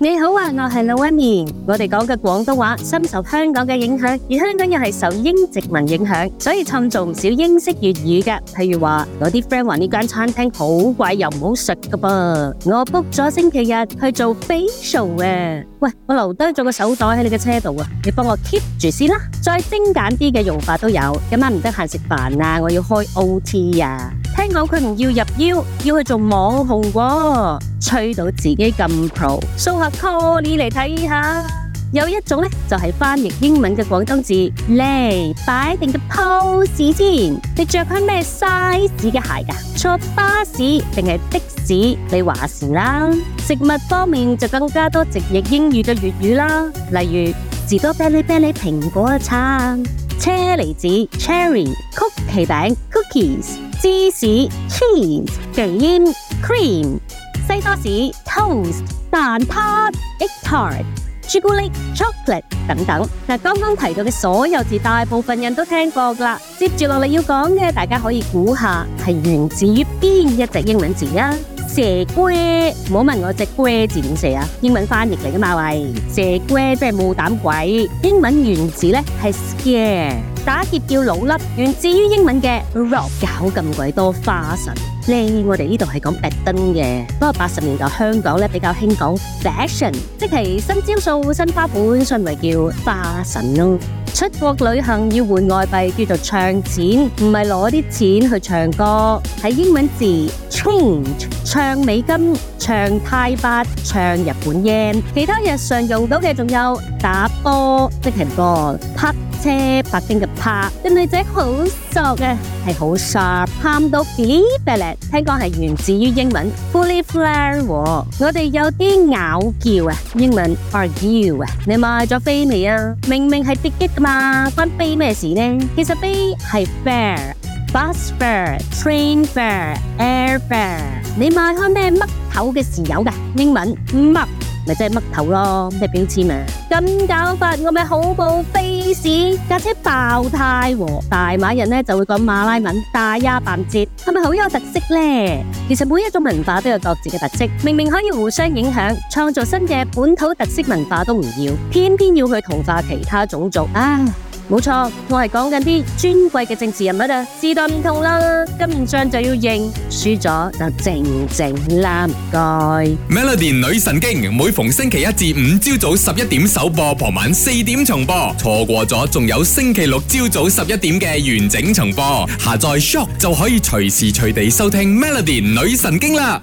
你好啊，我係 Melody。我哋講嘅廣東話深受香港嘅影響，而香港又係受英殖民影響，所以創造唔少英式粵語嘅。譬如話我啲 friend 話呢間餐廳好貴又唔好食嘅噃。我 book 咗星期日去做 facial 啊。喂，我留低咗個手袋喺你嘅車度啊，你幫我 keep 住先啦。再精簡啲嘅用法都有。今晚唔得閒食飯啊，我要開 OT 啊。聽講佢唔要入腰，要去做網紅喎、哦，吹到自己咁 pro 看看。數下 call 你嚟睇下，有一種咧就係、是、翻譯英文嘅廣東字，咧擺定個 pose 先。你着起咩 size 嘅鞋㗎？坐巴士定係的士？你話事啦。食物方面就更加多直譯英語嘅粵語啦，例如士多啤梨啤梨蘋果一餐，車厘子 cherry，曲奇餅 cookies。Cook 芝士 cheese，忌廉 cream，西多士 toast，蛋撻 egg tart，朱古力 chocolate 等等。嗱，剛剛提到嘅所有字，大部分人都聽過啦。接住落嚟要講嘅，大家可以估下係源自於邊一隻英文字啊？蛇龜，唔好問我隻龜字點寫啊？英文翻譯嚟噶嘛？喂，蛇龜即係冇膽鬼，英文原字呢係 scare。打劫叫老粒，源自於英文嘅 rob，搞咁鬼多花神，靚，我哋呢度係講 bling 嘅。不過八十年代香港呢比較興講 fashion，即係新招數、新花款，稱為叫花神咯。出國旅行要換外幣叫做唱錢，唔係攞啲錢去唱歌，係英文字 change，唱美金。唱泰北，唱日本音，其他日常用到嘅仲有打波、即係 ball、泊車、北京嘅泊。啲女仔好熟嘅，係好 sharp。喊到 feeble，聽講係源自於英文。fully flair，我哋有啲嗌交啊，英文 argue 啊。你買咗飛未啊？明明係 ticket 噶嘛，關飛咩事呢？其實飛係 fare，bus fare，train fare，air fare。你買開咩乜？的有嘅時有嘅，英文麥咪即係嘜頭咯，咩標籤啊？咁搞法我咪好冇 face。架車爆胎喎！大馬人咧，就會講馬拉文大丫扮折，係咪好有特色呢？其實每一種文化都有各自嘅特色，明明可以互相影響，創造新嘅本土特色文化都唔要，偏偏要去同化其他種族啊！冇錯，我係講緊啲尊貴嘅政治人物啊，時代唔同啦，跟唔上就要認，輸咗就靜靜啦唔該。Melody 女神經，每逢星期一至五朝早十一點首播，傍晚四點重播，錯過咗仲有星期六朝早十一點嘅完整重播，下載 Shop 就可以隨時隨地收聽 Melody 女神經啦。